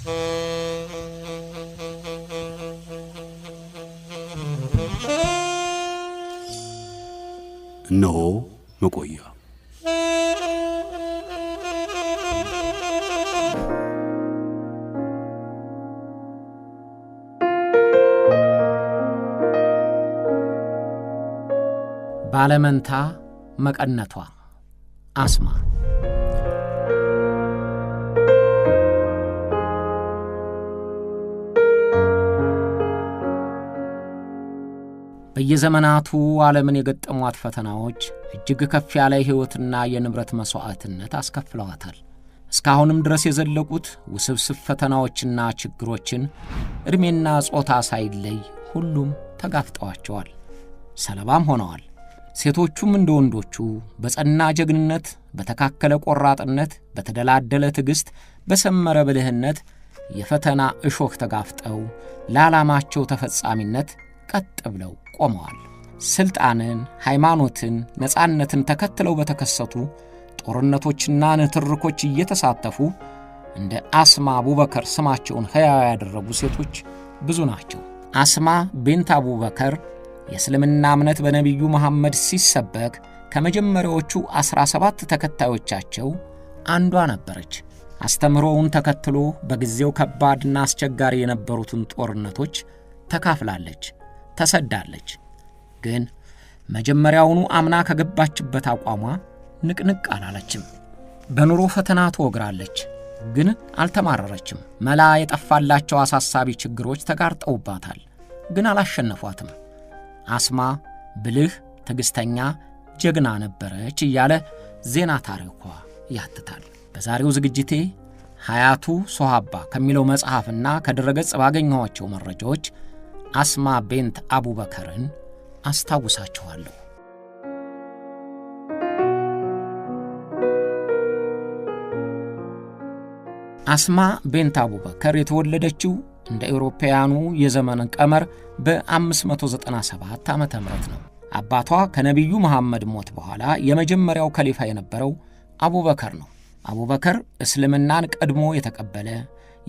እነሆ መቆያ ባለመንታ መቀነቷ አስማ በየዘመናቱ ዓለምን የገጠሟት ፈተናዎች እጅግ ከፍ ያለ ሕይወትና የንብረት መሥዋዕትነት አስከፍለዋታል። እስካሁንም ድረስ የዘለቁት ውስብስብ ፈተናዎችና ችግሮችን ዕድሜና ጾታ ሳይለይ ሁሉም ተጋፍጠዋቸዋል፣ ሰለባም ሆነዋል። ሴቶቹም እንደ ወንዶቹ በጸና ጀግንነት፣ በተካከለ ቆራጥነት፣ በተደላደለ ትዕግሥት፣ በሰመረ ብልህነት የፈተና እሾህ ተጋፍጠው ለዓላማቸው ተፈጻሚነት ቀጥ ብለው ቆመዋል። ሥልጣንን፣ ሃይማኖትን፣ ነፃነትን ተከትለው በተከሰቱ ጦርነቶችና ንትርኮች እየተሳተፉ እንደ አስማ አቡበከር ስማቸውን ሕያው ያደረጉ ሴቶች ብዙ ናቸው። አስማ ቢንት አቡበከር የእስልምና እምነት በነቢዩ መሐመድ ሲሰበክ ከመጀመሪያዎቹ ዐሥራ ሰባት ተከታዮቻቸው አንዷ ነበረች። አስተምህሮውን ተከትሎ በጊዜው ከባድና አስቸጋሪ የነበሩትን ጦርነቶች ተካፍላለች። ተሰዳለች። ግን መጀመሪያውኑ አምና ከገባችበት አቋሟ ንቅንቅ አላለችም። በኑሮ ፈተና ትወግራለች፣ ግን አልተማረረችም። መላ የጠፋላቸው አሳሳቢ ችግሮች ተጋርጠውባታል፣ ግን አላሸነፏትም። አስማ ብልህ፣ ትዕግሥተኛ፣ ጀግና ነበረች እያለ ዜና ታሪኳ ያትታል። በዛሬው ዝግጅቴ ሀያቱ ሶሃባ ከሚለው መጽሐፍና ከድረገጽ ባገኘኋቸው መረጃዎች አስማ ቤንት አቡበከርን አስታውሳችኋለሁ። አስማ ቤንት አቡበከር የተወለደችው እንደ ኤውሮፓውያኑ የዘመን ቀመር በ597 ዓ ም ነው። አባቷ ከነቢዩ መሐመድ ሞት በኋላ የመጀመሪያው ከሊፋ የነበረው አቡበከር ነው። አቡበከር እስልምናን ቀድሞ የተቀበለ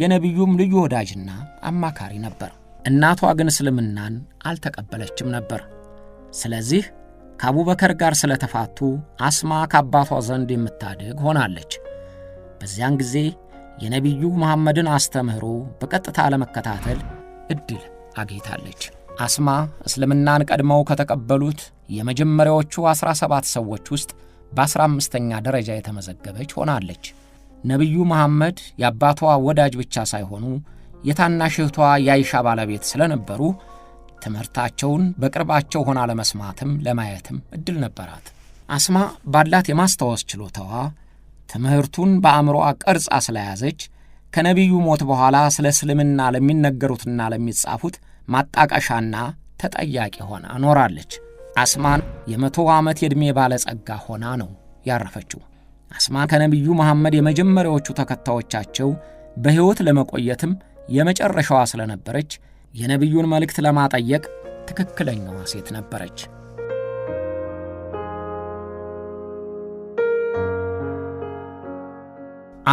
የነቢዩም ልዩ ወዳጅና አማካሪ ነበር። እናቷ ግን እስልምናን አልተቀበለችም ነበር። ስለዚህ ከአቡበከር ጋር ስለተፋቱ አስማ ከአባቷ ዘንድ የምታድግ ሆናለች። በዚያን ጊዜ የነቢዩ መሐመድን አስተምህሮ በቀጥታ ለመከታተል ዕድል አግኝታለች። አስማ እስልምናን ቀድመው ከተቀበሉት የመጀመሪያዎቹ 17 ሰዎች ውስጥ በ15ኛ ደረጃ የተመዘገበች ሆናለች። ነቢዩ መሐመድ የአባቷ ወዳጅ ብቻ ሳይሆኑ የታናሽ እህቷ የአይሻ ባለቤት ስለነበሩ ትምህርታቸውን በቅርባቸው ሆና ለመስማትም ለማየትም እድል ነበራት። አስማ ባላት የማስታወስ ችሎታዋ ትምህርቱን በአእምሮዋ ቀርጻ ስለያዘች ከነቢዩ ሞት በኋላ ስለ እስልምና ለሚነገሩትና ለሚጻፉት ማጣቀሻና ተጠያቂ ሆና ኖራለች። አስማን የመቶ ዓመት የዕድሜ ባለጸጋ ሆና ነው ያረፈችው። አስማ ከነቢዩ መሐመድ የመጀመሪያዎቹ ተከታዮቻቸው በሕይወት ለመቆየትም የመጨረሻዋ ስለነበረች የነቢዩን መልእክት ለማጠየቅ ትክክለኛዋ ሴት ነበረች።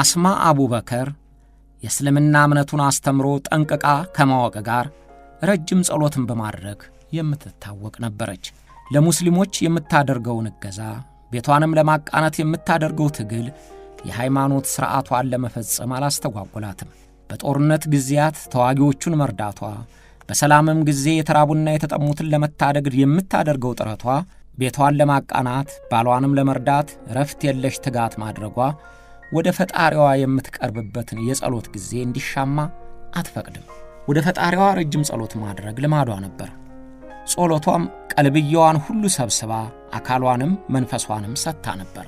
አስማ አቡበከር የእስልምና እምነቱን አስተምሮ ጠንቅቃ ከማወቅ ጋር ረጅም ጸሎትን በማድረግ የምትታወቅ ነበረች። ለሙስሊሞች የምታደርገውን እገዛ፣ ቤቷንም ለማቃናት የምታደርገው ትግል የሃይማኖት ሥርዓቷን ለመፈጸም አላስተጓጎላትም። በጦርነት ጊዜያት ተዋጊዎቹን መርዳቷ፣ በሰላምም ጊዜ የተራቡና የተጠሙትን ለመታደግ የምታደርገው ጥረቷ፣ ቤቷን ለማቃናት ባሏንም ለመርዳት ረፍት የለሽ ትጋት ማድረጓ ወደ ፈጣሪዋ የምትቀርብበትን የጸሎት ጊዜ እንዲሻማ አትፈቅድም። ወደ ፈጣሪዋ ረጅም ጸሎት ማድረግ ልማዷ ነበር። ጸሎቷም ቀልብየዋን ሁሉ ሰብስባ አካሏንም መንፈሷንም ሰጥታ ነበር።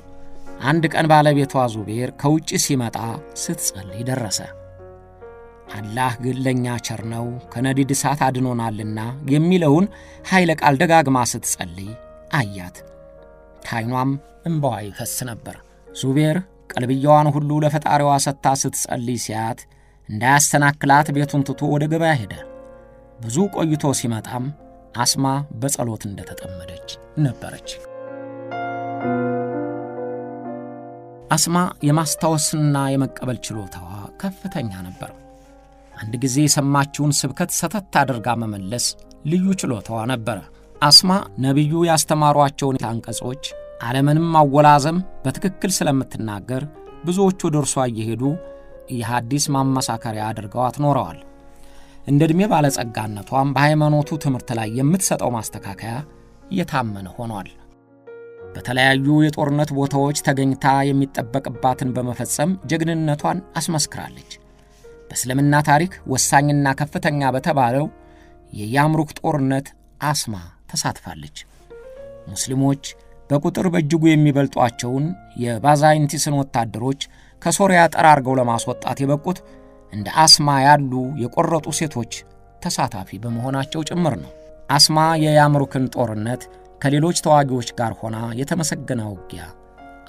አንድ ቀን ባለቤቷ ዙቤር ከውጭ ሲመጣ ስትጸልይ ደረሰ። አላህ ግን ለእኛ ቸር ነው ከነዲድ እሳት አድኖናልና የሚለውን ኃይለ ቃል ደጋግማ ስትጸልይ አያት። ካይኗም እምባዋ ይፈስ ነበር። ዙቤር ቀልብያዋን ሁሉ ለፈጣሪዋ ሰጥታ ስትጸልይ ሲያት እንዳያሰናክላት ቤቱን ትቶ ወደ ገበያ ሄደ። ብዙ ቆይቶ ሲመጣም አስማ በጸሎት እንደተጠመደች ነበረች። አስማ የማስታወስና የመቀበል ችሎታዋ ከፍተኛ ነበር። አንድ ጊዜ የሰማችውን ስብከት ሰተት አድርጋ መመለስ ልዩ ችሎታዋ ነበረ። አስማ ነቢዩ ያስተማሯቸውን አንቀጾች ዓለምንም ማወላዘም በትክክል ስለምትናገር ብዙዎቹ ወደ እርሷ እየሄዱ የሐዲስ ማመሳከሪያ አድርገዋት ኖረዋል። እንደ ዕድሜ ባለጸጋነቷም በሃይማኖቱ ትምህርት ላይ የምትሰጠው ማስተካከያ እየታመነ ሆኗል። በተለያዩ የጦርነት ቦታዎች ተገኝታ የሚጠበቅባትን በመፈጸም ጀግንነቷን አስመስክራለች። በእስልምና ታሪክ ወሳኝና ከፍተኛ በተባለው የያምሩክ ጦርነት አስማ ተሳትፋለች። ሙስሊሞች በቁጥር በእጅጉ የሚበልጧቸውን የባዛይንቲስን ወታደሮች ከሶሪያ ጠራርገው ለማስወጣት የበቁት እንደ አስማ ያሉ የቆረጡ ሴቶች ተሳታፊ በመሆናቸው ጭምር ነው። አስማ የያምሩክን ጦርነት ከሌሎች ተዋጊዎች ጋር ሆና የተመሰገነ ውጊያ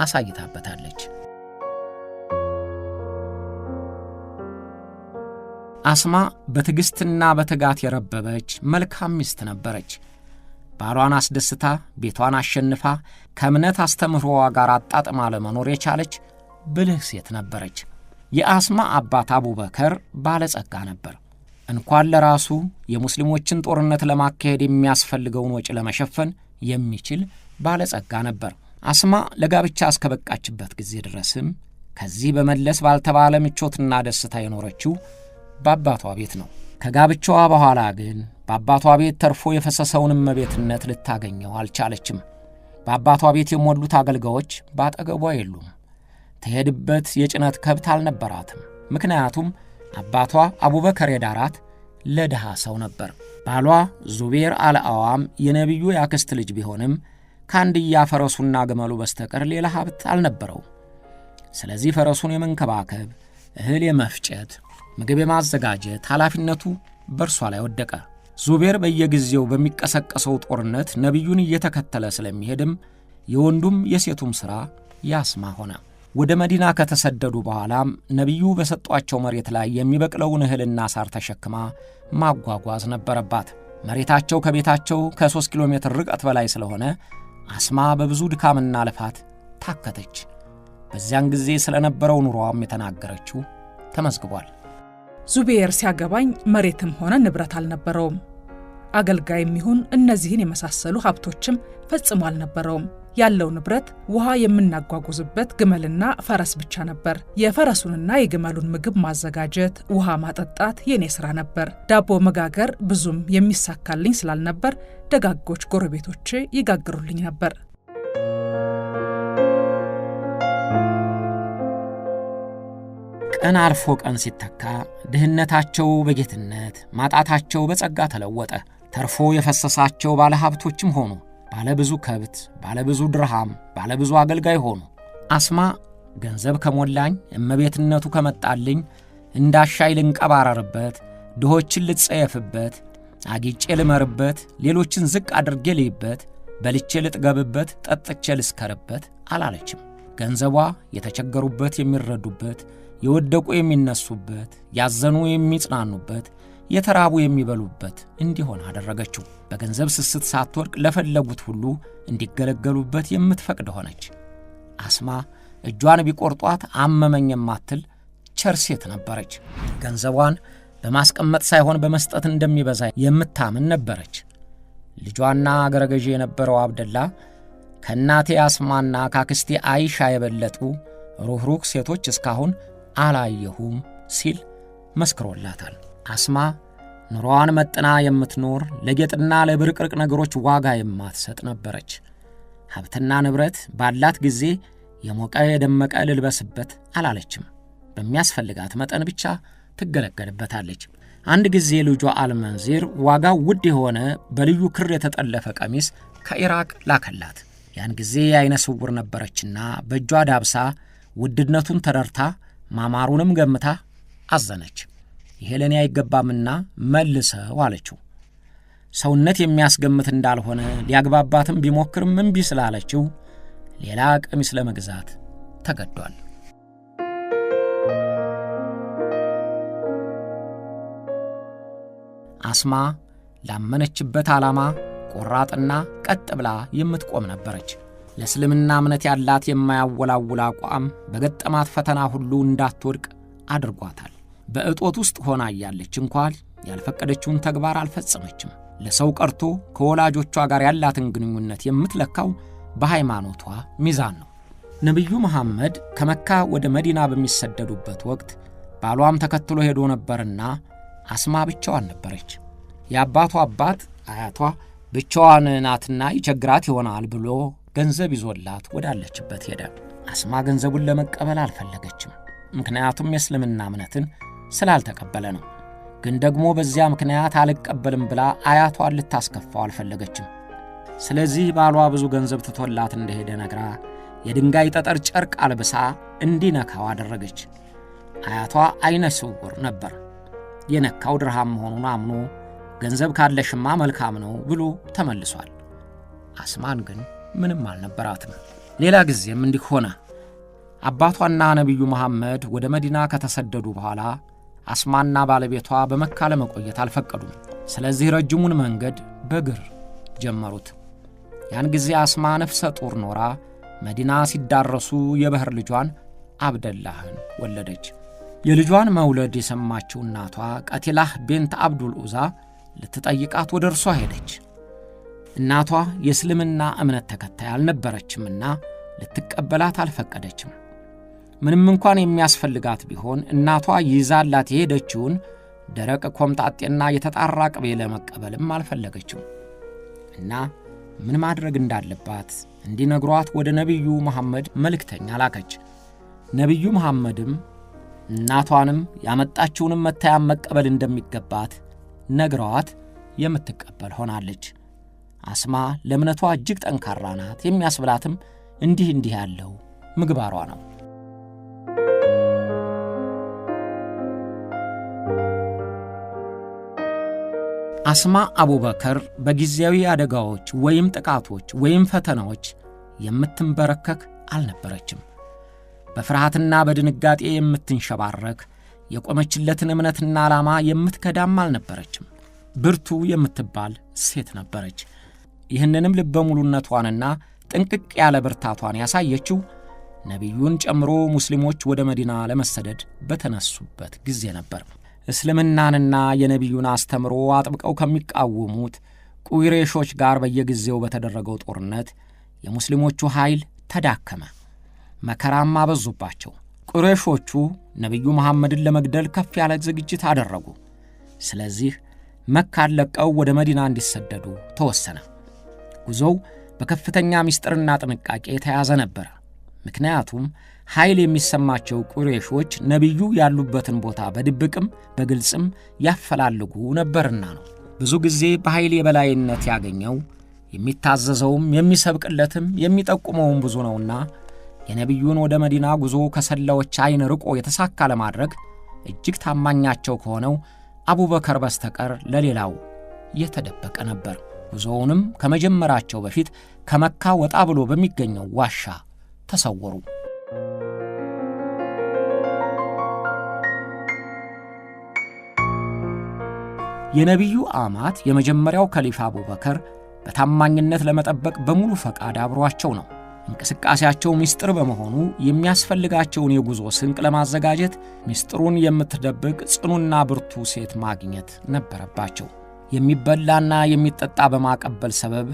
አሳይታበታለች። አስማ በትዕግሥትና በትጋት የረበበች መልካም ሚስት ነበረች። ባሏን አስደስታ ቤቷን አሸንፋ ከእምነት አስተምህሮዋ ጋር አጣጥማ ለመኖር የቻለች ብልህ ሴት ነበረች። የአስማ አባት አቡበከር ባለጸጋ ነበር። እንኳን ለራሱ የሙስሊሞችን ጦርነት ለማካሄድ የሚያስፈልገውን ወጪ ለመሸፈን የሚችል ባለጸጋ ነበር። አስማ ለጋብቻ እስከበቃችበት ጊዜ ድረስም ከዚህ በመለስ ባልተባለ ምቾትና ደስታ የኖረችው በአባቷ ቤት ነው። ከጋብቻዋ በኋላ ግን በአባቷ ቤት ተርፎ የፈሰሰውን እመቤትነት ልታገኘው አልቻለችም። በአባቷ ቤት የሞሉት አገልጋዮች በአጠገቧ የሉም። ትሄድበት የጭነት ከብት አልነበራትም። ምክንያቱም አባቷ አቡበከር የዳራት ለድሃ ሰው ነበር። ባሏ ዙቤር አልአዋም የነቢዩ የአክስት ልጅ ቢሆንም ከአንድያ ፈረሱና ግመሉ በስተቀር ሌላ ሀብት አልነበረውም። ስለዚህ ፈረሱን የመንከባከብ እህል የመፍጨት ምግብ የማዘጋጀት ኃላፊነቱ በእርሷ ላይ ወደቀ። ዙቤር በየጊዜው በሚቀሰቀሰው ጦርነት ነቢዩን እየተከተለ ስለሚሄድም የወንዱም የሴቱም ሥራ ያስማ ሆነ። ወደ መዲና ከተሰደዱ በኋላም ነቢዩ በሰጧቸው መሬት ላይ የሚበቅለውን እህልና ሳር ተሸክማ ማጓጓዝ ነበረባት። መሬታቸው ከቤታቸው ከሦስት ኪሎ ሜትር ርቀት በላይ ስለሆነ አስማ በብዙ ድካምና ልፋት ታከተች። በዚያን ጊዜ ስለነበረው ኑሮዋም የተናገረችው ተመዝግቧል። ዙቤየር ሲያገባኝ መሬትም ሆነ ንብረት አልነበረውም። አገልጋይም ይሁን እነዚህን የመሳሰሉ ሀብቶችም ፈጽሞ አልነበረውም። ያለው ንብረት ውሃ የምናጓጉዝበት ግመልና ፈረስ ብቻ ነበር። የፈረሱንና የግመሉን ምግብ ማዘጋጀት፣ ውሃ ማጠጣት የእኔ ስራ ነበር። ዳቦ መጋገር ብዙም የሚሳካልኝ ስላልነበር ደጋጎች ጎረቤቶቼ ይጋግሩልኝ ነበር። ቀን አልፎ ቀን ሲተካ ድህነታቸው በጌትነት ማጣታቸው በጸጋ ተለወጠ። ተርፎ የፈሰሳቸው ባለ ሀብቶችም ሆኑ። ባለ ብዙ ከብት፣ ባለ ብዙ ድርሃም፣ ባለ ብዙ አገልጋይ ሆኑ። አስማ ገንዘብ ከሞላኝ እመቤትነቱ ከመጣልኝ እንዳሻይ ልንቀባረርበት፣ ድሆችን ልጸየፍበት፣ አጊጬ ልመርበት፣ ሌሎችን ዝቅ አድርጌ ልይበት፣ በልቼ ልጥገብበት፣ ጠጥቼ ልስከርበት አላለችም። ገንዘቧ የተቸገሩበት የሚረዱበት የወደቁ የሚነሱበት፣ ያዘኑ የሚጽናኑበት፣ የተራቡ የሚበሉበት እንዲሆን አደረገችው። በገንዘብ ስስት ሳትወድቅ ለፈለጉት ሁሉ እንዲገለገሉበት የምትፈቅድ ሆነች። አስማ እጇን ቢቆርጧት አመመኝ የማትል ቸር ሴት ነበረች። ገንዘቧን በማስቀመጥ ሳይሆን በመስጠት እንደሚበዛ የምታምን ነበረች። ልጇና አገረ ገዢ የነበረው አብደላ ከእናቴ አስማና ካክስቴ አይሻ የበለጡ ሩኅሩኅ ሴቶች እስካሁን አላየሁም ሲል መስክሮላታል። አስማ ኑሮዋን መጥና የምትኖር ለጌጥና ለብርቅርቅ ነገሮች ዋጋ የማትሰጥ ነበረች። ሀብትና ንብረት ባላት ጊዜ የሞቀ የደመቀ ልልበስበት አላለችም። በሚያስፈልጋት መጠን ብቻ ትገለገልበታለች። አንድ ጊዜ ልጇ አልመንዚር ዋጋው ውድ የሆነ በልዩ ክር የተጠለፈ ቀሚስ ከኢራቅ ላከላት። ያን ጊዜ የአይነ ስውር ነበረችና በእጇ ዳብሳ ውድነቱን ተረድታ ማማሩንም ገምታ አዘነች። ይሄ ለእኔ አይገባምና መልሰው አለችው። ሰውነት የሚያስገምት እንዳልሆነ ሊያግባባትም ቢሞክርም እምቢ ስላለችው ሌላ ቀሚስ ለመግዛት ተገዷል። አስማ ላመነችበት ዓላማ ቆራጥና ቀጥ ብላ የምትቆም ነበረች። ለእስልምና እምነት ያላት የማያወላውል አቋም በገጠማት ፈተና ሁሉ እንዳትወድቅ አድርጓታል። በእጦት ውስጥ ሆና እያለች እንኳን ያልፈቀደችውን ተግባር አልፈጸመችም። ለሰው ቀርቶ ከወላጆቿ ጋር ያላትን ግንኙነት የምትለካው በሃይማኖቷ ሚዛን ነው። ነቢዩ መሐመድ ከመካ ወደ መዲና በሚሰደዱበት ወቅት ባሏም ተከትሎ ሄዶ ነበርና አስማ ብቻዋን ነበረች። የአባቷ አባት አያቷ ብቻዋን ናትና ይቸግራት ይሆናል ብሎ ገንዘብ ይዞላት ወዳለችበት ሄደ። አስማ ገንዘቡን ለመቀበል አልፈለገችም፣ ምክንያቱም የእስልምና እምነትን ስላልተቀበለ ነው። ግን ደግሞ በዚያ ምክንያት አልቀበልም ብላ አያቷን ልታስከፋው አልፈለገችም። ስለዚህ ባሏ ብዙ ገንዘብ ትቶላት እንደሄደ ነግራ የድንጋይ ጠጠር ጨርቅ አልብሳ እንዲነካው አደረገች። አያቷ አይነ ስውር ነበር። የነካው ድርሃም መሆኑን አምኖ ገንዘብ ካለሽማ መልካም ነው ብሎ ተመልሷል። አስማን ግን ምንም አልነበራትም። ሌላ ጊዜም እንዲህ ሆነ። አባቷና ነቢዩ መሐመድ ወደ መዲና ከተሰደዱ በኋላ አስማና ባለቤቷ በመካ ለመቆየት አልፈቀዱም። ስለዚህ ረጅሙን መንገድ በእግር ጀመሩት። ያን ጊዜ አስማ ነፍሰ ጡር ኖራ መዲና ሲዳረሱ የበህር ልጇን አብደላህን ወለደች። የልጇን መውለድ የሰማችው እናቷ ቀቲላህ ቤንት አብዱል ዑዛ ልትጠይቃት ወደ እርሷ ሄደች። እናቷ የእስልምና እምነት ተከታይ አልነበረችምና ልትቀበላት አልፈቀደችም። ምንም እንኳን የሚያስፈልጋት ቢሆን እናቷ ይዛላት የሄደችውን ደረቅ ኮምጣጤና የተጣራ ቅቤ ለመቀበልም አልፈለገችም እና ምን ማድረግ እንዳለባት እንዲነግሯት ወደ ነቢዩ መሐመድ መልእክተኛ ላከች። ነቢዩ መሐመድም እናቷንም ያመጣችውንም መታያም መቀበል እንደሚገባት ነግረዋት የምትቀበል ሆናለች። አስማ ለእምነቷ እጅግ ጠንካራ ናት የሚያስብላትም እንዲህ እንዲህ ያለው ምግባሯ ነው። አስማ አቡበከር በጊዜያዊ አደጋዎች ወይም ጥቃቶች ወይም ፈተናዎች የምትንበረከክ አልነበረችም። በፍርሃትና በድንጋጤ የምትንሸባረክ የቆመችለትን እምነትና ዓላማ የምትከዳም አልነበረችም። ብርቱ የምትባል ሴት ነበረች። ይህንንም ልበሙሉነቷንና ጥንቅቅ ያለ ብርታቷን ያሳየችው ነቢዩን ጨምሮ ሙስሊሞች ወደ መዲና ለመሰደድ በተነሱበት ጊዜ ነበር። እስልምናንና የነቢዩን አስተምሮ አጥብቀው ከሚቃወሙት ቁይሬሾች ጋር በየጊዜው በተደረገው ጦርነት የሙስሊሞቹ ኃይል ተዳከመ፣ መከራም አበዙባቸው። ቁሬሾቹ ነቢዩ መሐመድን ለመግደል ከፍ ያለ ዝግጅት አደረጉ። ስለዚህ መካን ለቀው ወደ መዲና እንዲሰደዱ ተወሰነ። ጉዞው በከፍተኛ ምስጢርና ጥንቃቄ የተያዘ ነበር። ምክንያቱም ኃይል የሚሰማቸው ቁሬሾች ነቢዩ ያሉበትን ቦታ በድብቅም በግልጽም ያፈላልጉ ነበርና ነው። ብዙ ጊዜ በኃይል የበላይነት ያገኘው የሚታዘዘውም የሚሰብቅለትም የሚጠቁመውም ብዙ ነውና የነቢዩን ወደ መዲና ጉዞ ከሰላዎች አይን ርቆ የተሳካ ለማድረግ እጅግ ታማኛቸው ከሆነው አቡበከር በስተቀር ለሌላው የተደበቀ ነበር። ጉዞውንም ከመጀመራቸው በፊት ከመካ ወጣ ብሎ በሚገኘው ዋሻ ተሰወሩ። የነቢዩ አማት የመጀመሪያው ከሊፋ አቡበከር በታማኝነት ለመጠበቅ በሙሉ ፈቃድ አብሯቸው ነው። እንቅስቃሴያቸው ምስጢር በመሆኑ የሚያስፈልጋቸውን የጉዞ ስንቅ ለማዘጋጀት ምስጢሩን የምትደብቅ ጽኑና ብርቱ ሴት ማግኘት ነበረባቸው። የሚበላና የሚጠጣ በማቀበል ሰበብ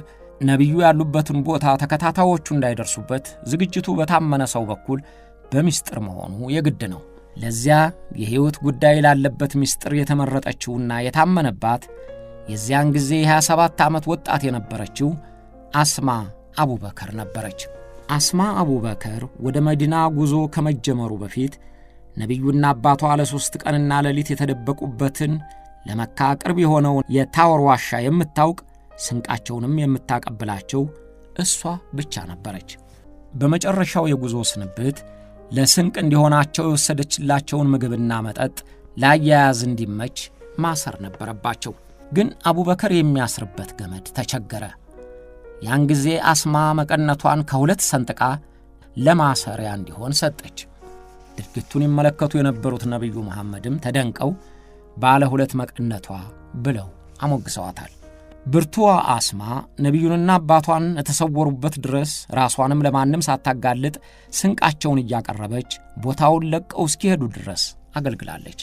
ነቢዩ ያሉበትን ቦታ ተከታታዮቹ እንዳይደርሱበት ዝግጅቱ በታመነ ሰው በኩል በምስጢር መሆኑ የግድ ነው። ለዚያ የሕይወት ጉዳይ ላለበት ምስጢር የተመረጠችውና የታመነባት የዚያን ጊዜ የ27 ዓመት ወጣት የነበረችው አስማ አቡበከር ነበረች። አስማ አቡበከር ወደ መዲና ጉዞ ከመጀመሩ በፊት ነቢዩና አባቷ ለሦስት ቀንና ሌሊት የተደበቁበትን ለመካ ቅርብ የሆነውን የታወር ዋሻ የምታውቅ ስንቃቸውንም የምታቀብላቸው እሷ ብቻ ነበረች። በመጨረሻው የጉዞ ስንብት ለስንቅ እንዲሆናቸው የወሰደችላቸውን ምግብና መጠጥ ለአያያዝ እንዲመች ማሰር ነበረባቸው። ግን አቡበከር የሚያስርበት ገመድ ተቸገረ። ያን ጊዜ አስማ መቀነቷን ከሁለት ሰንጥቃ ለማሰሪያ እንዲሆን ሰጠች። ድርጊቱን ይመለከቱ የነበሩት ነቢዩ መሐመድም ተደንቀው ባለ ሁለት መቀነቷ ብለው አሞግሰዋታል። ብርቱዋ አስማ ነቢዩንና አባቷን የተሰወሩበት ድረስ ራሷንም ለማንም ሳታጋልጥ ስንቃቸውን እያቀረበች ቦታውን ለቀው እስኪሄዱ ድረስ አገልግላለች።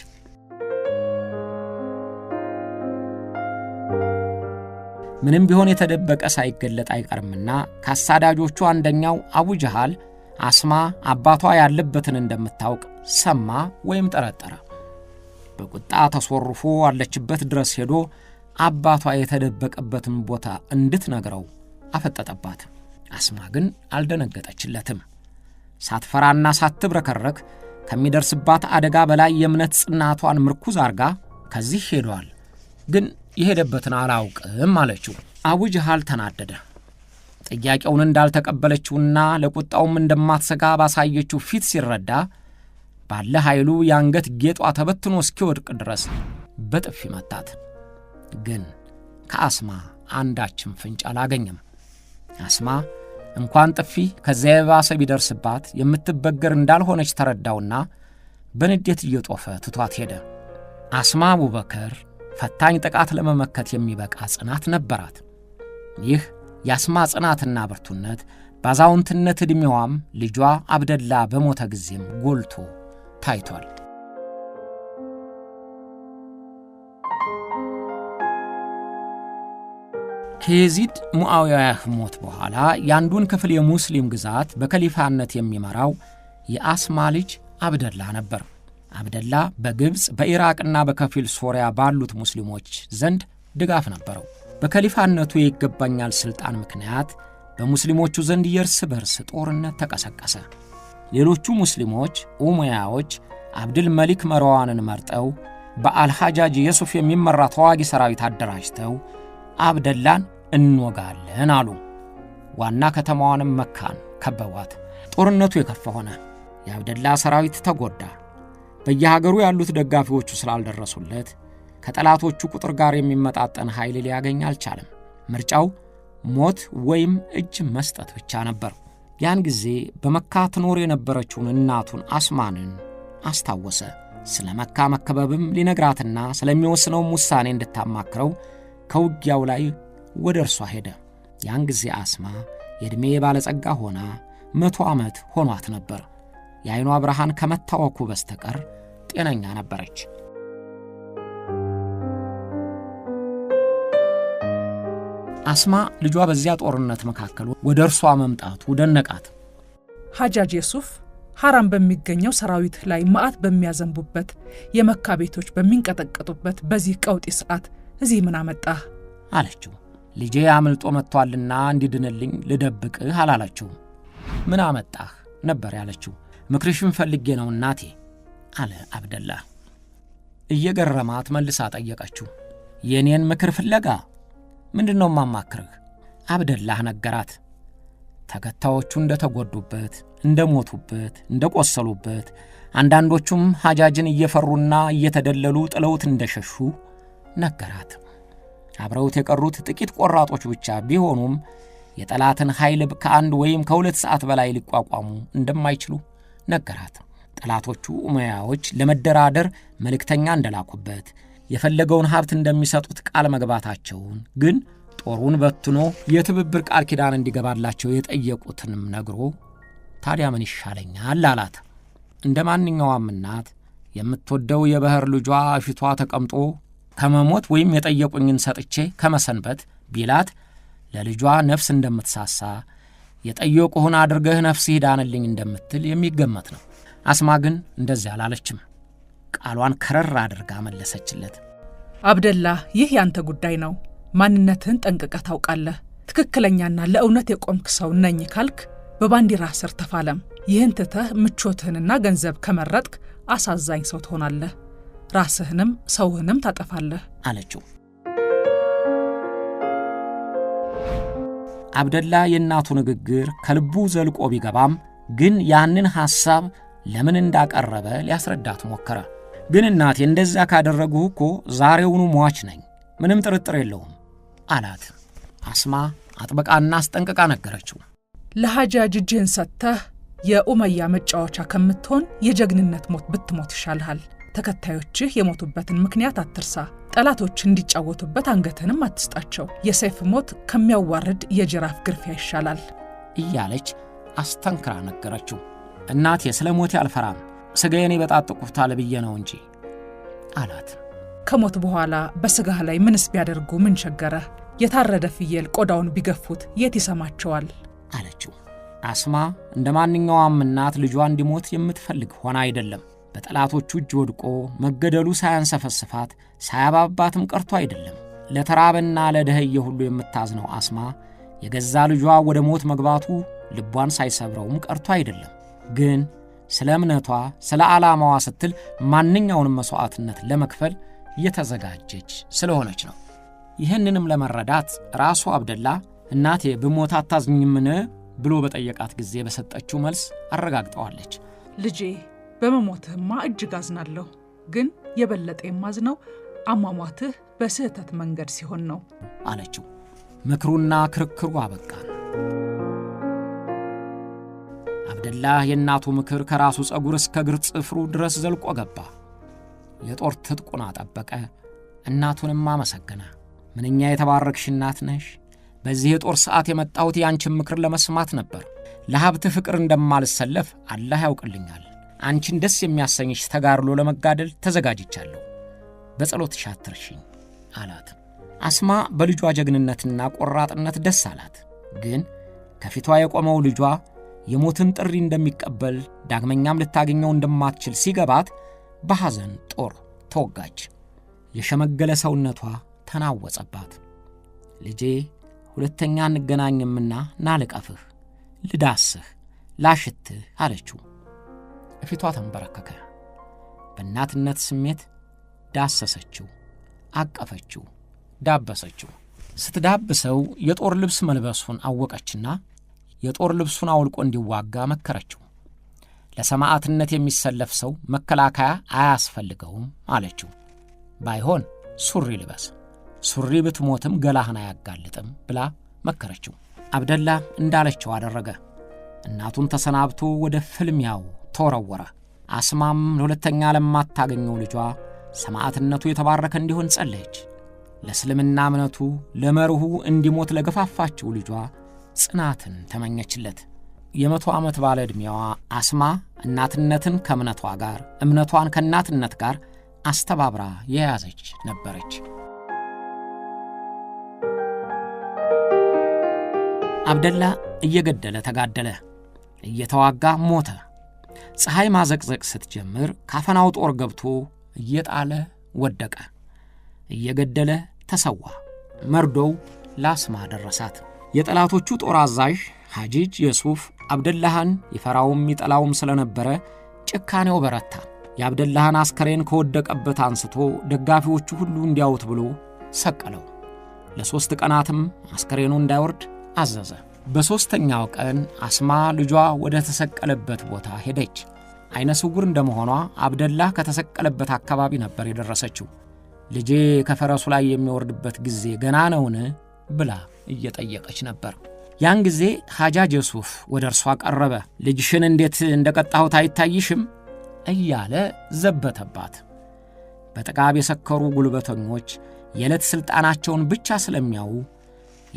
ምንም ቢሆን የተደበቀ ሳይገለጥ አይቀርምና ከአሳዳጆቹ አንደኛው አቡ ጀሃል አስማ አባቷ ያለበትን እንደምታውቅ ሰማ ወይም ጠረጠረ። በቁጣ ተሶርፎ አለችበት ድረስ ሄዶ አባቷ የተደበቀበትን ቦታ እንድትነግረው አፈጠጠባት። አስማ ግን አልደነገጠችለትም። ሳትፈራና ሳትብረከረክ ከሚደርስባት አደጋ በላይ የእምነት ጽናቷን ምርኩዝ አርጋ ከዚህ ሄደዋል፣ ግን የሄደበትን አላውቅም አለችው። አቡ ጀሃል ተናደደ። ጥያቄውን እንዳልተቀበለችውና ለቁጣውም እንደማትሰጋ ባሳየችው ፊት ሲረዳ ባለ ኃይሉ የአንገት ጌጧ ተበትኖ እስኪወድቅ ድረስ በጥፊ መታት። ግን ከአስማ አንዳችም ፍንጭ አላገኘም። አስማ እንኳን ጥፊ ከዚያ የባሰ ቢደርስባት የምትበገር እንዳልሆነች ተረዳውና በንዴት እየጦፈ ትቷት ሄደ። አስማ አቡበከር ፈታኝ ጥቃት ለመመከት የሚበቃ ጽናት ነበራት። ይህ የአስማ ጽናትና ብርቱነት በአዛውንትነት ዕድሜዋም ልጇ አብደላ በሞተ ጊዜም ጎልቶ ታይቷል። ከየዚድ ሙአውያህ ሞት በኋላ የአንዱን ክፍል የሙስሊም ግዛት በከሊፋነት የሚመራው የአስማ ልጅ አብደላ ነበር። አብደላ በግብፅ በኢራቅና በከፊል ሶሪያ ባሉት ሙስሊሞች ዘንድ ድጋፍ ነበረው። በከሊፋነቱ የይገባኛል ሥልጣን ምክንያት በሙስሊሞቹ ዘንድ የእርስ በርስ ጦርነት ተቀሰቀሰ። ሌሎቹ ሙስሊሞች ኡሙያዎች አብድል መሊክ መርዋንን መርጠው በአልሐጃጅ የሱፍ የሚመራ ተዋጊ ሰራዊት አደራጅተው አብደላን እንወጋለን አሉ። ዋና ከተማዋንም መካን ከበቧት። ጦርነቱ የከፋ ሆነ። የአብደላ ሰራዊት ተጎዳ። በየሀገሩ ያሉት ደጋፊዎቹ ስላልደረሱለት ከጠላቶቹ ቁጥር ጋር የሚመጣጠን ኃይል ሊያገኝ አልቻለም። ምርጫው ሞት ወይም እጅ መስጠት ብቻ ነበር። ያን ጊዜ በመካ ትኖር የነበረችውን እናቱን አስማንን አስታወሰ። ስለ መካ መከበብም ሊነግራትና ስለሚወስነውም ውሳኔ እንድታማክረው ከውጊያው ላይ ወደ እርሷ ሄደ። ያን ጊዜ አስማ የዕድሜ ባለጸጋ ሆና መቶ ዓመት ሆኗት ነበር። የዐይኗ ብርሃን ከመታወኩ በስተቀር ጤነኛ ነበረች። አስማ ልጇ በዚያ ጦርነት መካከል ወደ እርሷ መምጣቱ ደነቃት። ሐጃጅ የሱፍ ሐራም በሚገኘው ሰራዊት ላይ መዓት በሚያዘንቡበት የመካ ቤቶች በሚንቀጠቀጡበት በዚህ ቀውጢ ሰዓት እዚህ ምን አመጣህ አለችው። ልጄ አምልጦ መጥቷልና እንዲድንልኝ ልደብቅህ አላላችሁም። ምን አመጣህ ነበር ያለችው። ምክርሽን ፈልጌ ነው እናቴ አለ አብደላ። እየገረማት መልሳ ጠየቀችው። የእኔን ምክር ፍለጋ ምንድን ነው የማማክርህ? አብደላህ ነገራት። ተከታዮቹ እንደተጎዱበት፣ እንደሞቱበት፣ እንደቆሰሉበት አንዳንዶቹም ሐጃጅን እየፈሩና እየተደለሉ ጥለውት እንደሸሹ ነገራት። አብረውት የቀሩት ጥቂት ቆራጦች ብቻ ቢሆኑም የጠላትን ኃይል ከአንድ ወይም ከሁለት ሰዓት በላይ ሊቋቋሙ እንደማይችሉ ነገራት። ጠላቶቹ ኡመያዎች ለመደራደር መልእክተኛ እንደላኩበት የፈለገውን ሀብት እንደሚሰጡት ቃል መግባታቸውን ግን ጦሩን በትኖ የትብብር ቃል ኪዳን እንዲገባላቸው የጠየቁትንም ነግሮ ታዲያ ምን ይሻለኛል አላት። እንደ ማንኛውም እናት የምትወደው የባህር ልጇ ፊቷ ተቀምጦ ከመሞት ወይም የጠየቁኝን ሰጥቼ ከመሰንበት ቢላት ለልጇ ነፍስ እንደምትሳሳ የጠየቁህን አድርገህ ነፍስህ ዳንልኝ እንደምትል የሚገመት ነው። አስማ ግን እንደዚያ አላለችም። ቃሏን ከረር አድርጋ መለሰችለት። አብደላ፣ ይህ ያንተ ጉዳይ ነው። ማንነትህን ጠንቅቀ ታውቃለህ። ትክክለኛና ለእውነት የቆምክ ሰው ነኝ ካልክ በባንዲራ ስር ተፋለም። ይህን ትተህ ምቾትህንና ገንዘብ ከመረጥክ አሳዛኝ ሰው ትሆናለህ፣ ራስህንም ሰውህንም ታጠፋለህ አለችው። አብደላ የእናቱ ንግግር ከልቡ ዘልቆ ቢገባም ግን ያንን ሐሳብ ለምን እንዳቀረበ ሊያስረዳት ሞከረ። ግን እናቴ እንደዛ ካደረግሁ እኮ ዛሬውኑ ሟች ነኝ፣ ምንም ጥርጥር የለውም አላት። አስማ አጥብቃና አስጠንቅቃ ነገረችው። ለሐጃጅ እጅህን ሰጥተህ የኡመያ መጫወቻ ከምትሆን የጀግንነት ሞት ብትሞት ይሻልሃል። ተከታዮችህ የሞቱበትን ምክንያት አትርሳ። ጠላቶች እንዲጫወቱበት አንገትንም አትስጣቸው። የሰይፍ ሞት ከሚያዋርድ የጅራፍ ግርፊያ ይሻላል እያለች አስተንክራ ነገረችው። እናቴ ስለ ሞቴ አልፈራም ሥጋዬን የበጣጠቁት ብዬ ነው እንጂ አላት። ከሞት በኋላ በስጋህ ላይ ምንስ ቢያደርጉ ምን ቸገረህ? የታረደ ፍየል ቆዳውን ቢገፉት የት ይሰማቸዋል? አለችው። አስማ እንደ ማንኛውም እናት ልጇ እንዲሞት የምትፈልግ ሆና አይደለም። በጠላቶቹ እጅ ወድቆ መገደሉ ሳያንሰፈስፋት ሳያባባትም ቀርቶ አይደለም። ለተራበና ለደህየ ሁሉ የምታዝነው አስማ የገዛ ልጇ ወደ ሞት መግባቱ ልቧን ሳይሰብረውም ቀርቶ አይደለም ግን ስለ እምነቷ፣ ስለ ዓላማዋ ስትል ማንኛውንም መሥዋዕትነት ለመክፈል የተዘጋጀች ስለሆነች ነው። ይህንንም ለመረዳት ራሱ አብደላ እናቴ ብሞት አታዝኝምን ብሎ በጠየቃት ጊዜ በሰጠችው መልስ አረጋግጠዋለች። ልጄ በመሞትህማ እጅግ አዝናለሁ፣ ግን የበለጠ የማዝነው አሟሟትህ በስህተት መንገድ ሲሆን ነው አለችው። ምክሩና ክርክሩ አበቃ። አብደላህ የእናቱ ምክር ከራሱ ፀጉር እስከ እግር ጽፍሩ ድረስ ዘልቆ ገባ። የጦር ትጥቁን አጠበቀ፣ እናቱንም አመሰገና። ምንኛ የተባረክሽ እናት ነሽ! በዚህ የጦር ሰዓት የመጣሁት የአንችን ምክር ለመስማት ነበር። ለሀብት ፍቅር እንደማልሰለፍ አላህ ያውቅልኛል። አንቺን ደስ የሚያሰኝሽ ተጋድሎ ለመጋደል ተዘጋጅቻለሁ። በጸሎት ሻትርሽኝ አላት። አስማ በልጇ ጀግንነትና ቆራጥነት ደስ አላት። ግን ከፊቷ የቆመው ልጇ የሞትን ጥሪ እንደሚቀበል ዳግመኛም ልታገኘው እንደማትችል ሲገባት በሐዘን ጦር ተወጋች። የሸመገለ ሰውነቷ ተናወጸባት። ልጄ ሁለተኛ እንገናኝምና ናልቀፍህ፣ ልዳስህ፣ ላሽትህ አለችው። እፊቷ ተንበረከከ። በእናትነት ስሜት ዳሰሰችው፣ አቀፈችው፣ ዳበሰችው። ስትዳብሰው የጦር ልብስ መልበሱን አወቀችና የጦር ልብሱን አውልቆ እንዲዋጋ መከረችው። ለሰማዕትነት የሚሰለፍ ሰው መከላከያ አያስፈልገውም አለችው። ባይሆን ሱሪ ልበስ፣ ሱሪ ብትሞትም ገላህን አያጋልጥም ብላ መከረችው። አብደላ እንዳለችው አደረገ። እናቱን ተሰናብቶ ወደ ፍልሚያው ተወረወረ። አስማም ለሁለተኛ ለማታገኘው ልጇ ሰማዕትነቱ የተባረከ እንዲሆን ጸለየች። ለእስልምና እምነቱ ለመርሁ እንዲሞት ለገፋፋችው ልጇ ጽናትን ተመኘችለት። የመቶ ዓመት ባለ ዕድሜዋ አስማ እናትነትን ከእምነቷ ጋር እምነቷን ከእናትነት ጋር አስተባብራ የያዘች ነበረች። አብደላ እየገደለ ተጋደለ፣ እየተዋጋ ሞተ። ፀሐይ ማዘቅዘቅ ስትጀምር ካፈናው ጦር ገብቶ እየጣለ ወደቀ። እየገደለ ተሰዋ። መርዶው ላስማ ደረሳት። የጠላቶቹ ጦር አዛዥ ሐጂጅ የሱፍ አብደላህን ይፈራውም ይጠላውም ስለነበረ ጭካኔው በረታ። የአብደላህን አስከሬን ከወደቀበት አንስቶ ደጋፊዎቹ ሁሉ እንዲያውት ብሎ ሰቀለው። ለሦስት ቀናትም አስከሬኑ እንዳይወርድ አዘዘ። በሦስተኛው ቀን አስማ ልጇ ወደ ተሰቀለበት ቦታ ሄደች። ዐይነ ስውር እንደመሆኗ አብደላህ ከተሰቀለበት አካባቢ ነበር የደረሰችው። ልጄ ከፈረሱ ላይ የሚወርድበት ጊዜ ገና ነውን? ብላ እየጠየቀች ነበር። ያን ጊዜ ሐጃጅ ዮሱፍ ወደ እርሷ ቀረበ። ልጅሽን እንዴት እንደ ቀጣሁት አይታይሽም እያለ ዘበተባት። በጥጋብ የሰከሩ ጉልበተኞች የዕለት ሥልጣናቸውን ብቻ ስለሚያዩ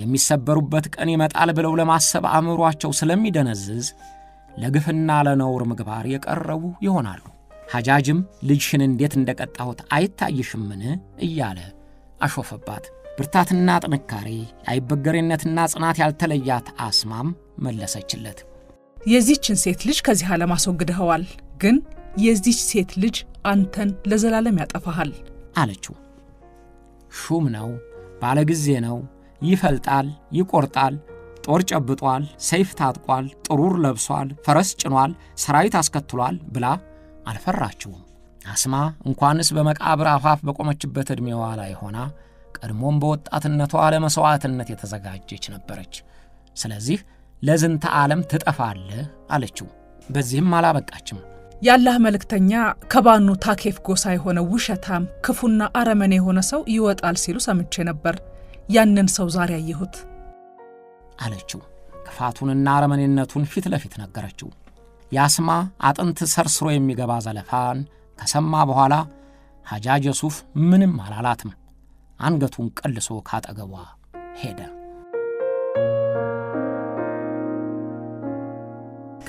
የሚሰበሩበት ቀን ይመጣል ብለው ለማሰብ አእምሯቸው ስለሚደነዝዝ ለግፍና ለነውር ምግባር የቀረቡ ይሆናሉ። ሐጃጅም ልጅሽን እንዴት እንደ ቀጣሁት አይታይሽምን እያለ አሾፈባት። ብርታትና ጥንካሬ፣ አይበገሬነትና ጽናት ያልተለያት አስማም መለሰችለት። የዚህችን ሴት ልጅ ከዚህ ዓለም አስወግድኸዋል፣ ግን የዚች ሴት ልጅ አንተን ለዘላለም ያጠፋሃል አለችው። ሹም ነው፣ ባለጊዜ ነው፣ ይፈልጣል፣ ይቆርጣል፣ ጦር ጨብጧል፣ ሰይፍ ታጥቋል፣ ጥሩር ለብሷል፣ ፈረስ ጭኗል፣ ሰራዊት አስከትሏል ብላ አልፈራችውም። አስማ እንኳንስ በመቃብር አፋፍ በቆመችበት ዕድሜዋ ላይ ሆና ቀድሞም በወጣትነቷ ለመሥዋዕትነት የተዘጋጀች ነበረች። ስለዚህ ለዝንተ ዓለም ትጠፋለህ አለችው። በዚህም አላበቃችም። የአላህ መልእክተኛ ከባኑ ታኬፍ ጎሳ የሆነ ውሸታም ክፉና አረመኔ የሆነ ሰው ይወጣል ሲሉ ሰምቼ ነበር። ያንን ሰው ዛሬ አየሁት አለችው። ክፋቱንና አረመኔነቱን ፊት ለፊት ነገረችው። ያስማ አጥንት ሰርስሮ የሚገባ ዘለፋን ከሰማ በኋላ ሐጃጅ የሱፍ ምንም አላላትም። አንገቱን ቀልሶ ካጠገቧ ሄደ።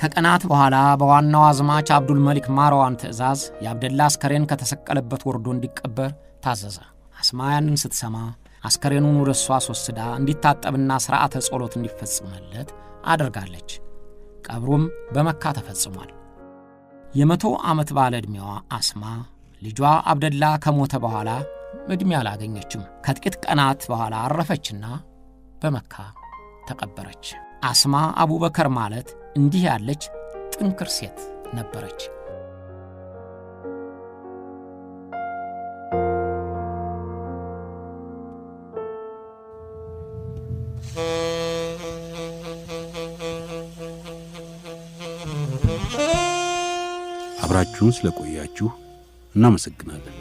ከቀናት በኋላ በዋናው አዝማች አብዱል መሊክ ማርዋን ትዕዛዝ የአብደላ አስከሬን ከተሰቀለበት ወርዶ እንዲቀበር ታዘዘ። አስማ ያንን ስትሰማ አስከሬኑን ወደ እሷ አስወስዳ እንዲታጠብና ሥርዓተ ጸሎት እንዲፈጽምለት አድርጋለች። ቀብሩም በመካ ተፈጽሟል። የመቶ ዓመት ባለ ዕድሜዋ አስማ ልጇ አብደላ ከሞተ በኋላ ዕድሜ አላገኘችም። ከጥቂት ቀናት በኋላ አረፈችና በመካ ተቀበረች። አስማ አቡበከር ማለት እንዲህ ያለች ጥንክር ሴት ነበረች። አብራችሁን ስለቆያችሁ እናመሰግናለን።